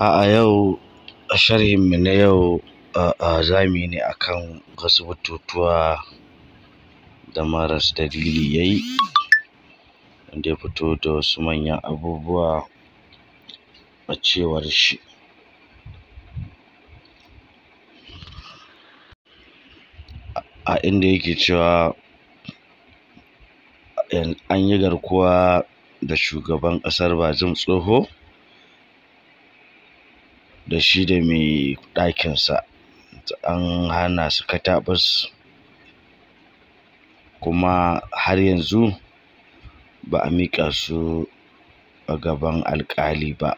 A'a yau a sharhin mu na yau a'a za yi ne akan wasu batutuwa da maras dalili yayi yi wanda ya fito da wasu manyan abubuwa a cewar shi. A inda yake cewa an yi garkuwa da shugaban ƙasar Bazum Tsoho da shi da mai ɗakinsa an hana su kataɓus kuma har yanzu ba a miƙa su a gaban alƙali ba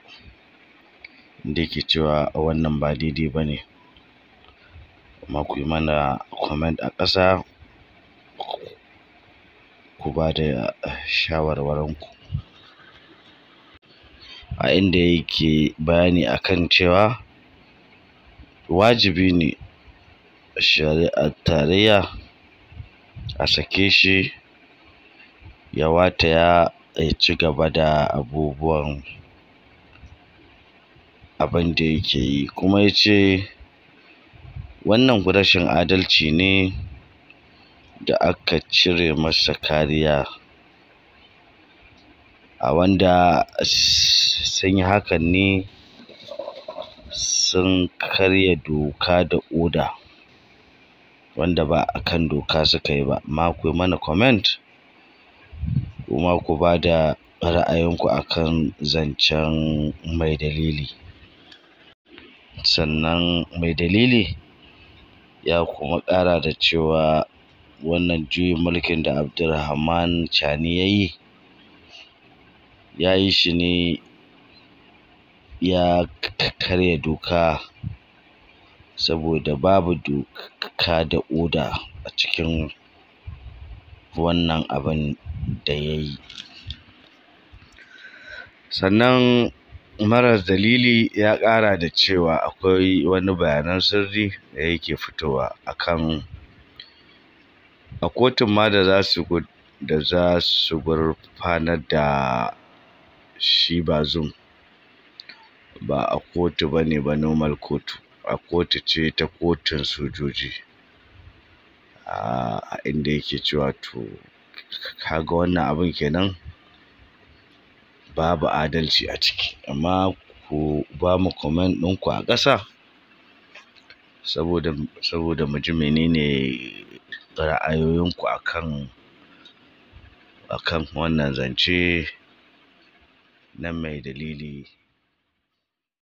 inda yake cewa wannan ba daidai ba ne kuma ku yi mana comment a ƙasa ku ba da shawarwarinku a inda yake bayani akan cewa wajibi ne shari'ar tarayya a sake shi ya wataya ya ci gaba da abubuwan abin da yake yi kuma ya ce wannan rashin adalci ne da aka cire masa kariya a wanda sun yi hakan ne sun karya doka da oda wanda ba a kan doka suka yi ba amma ku yi mana comment kuma ku ba da ra'ayinku akan zancen mai dalili sannan mai dalili ya kuma ƙara da cewa wannan juyin mulkin da Abdulrahman Chani ya yi ya yi shi ne ya karya doka saboda babu doka da oda a cikin wannan abin da ya yi sannan marar dalili ya ƙara da cewa akwai wani bayanan sirri da yake fitowa a kan a kotun ma da za su da za gurfanar da shi bazum ba a kotu ba ne ba normal kotu a kotu ce ta kotun sojoji a inda yake cewa to kaga wannan abin kenan babu adalci a ciki amma ku ba mu comment ɗinku a ƙasa saboda saboda mu ji menene ra'ayoyinku akan akan wannan zance na mai dalili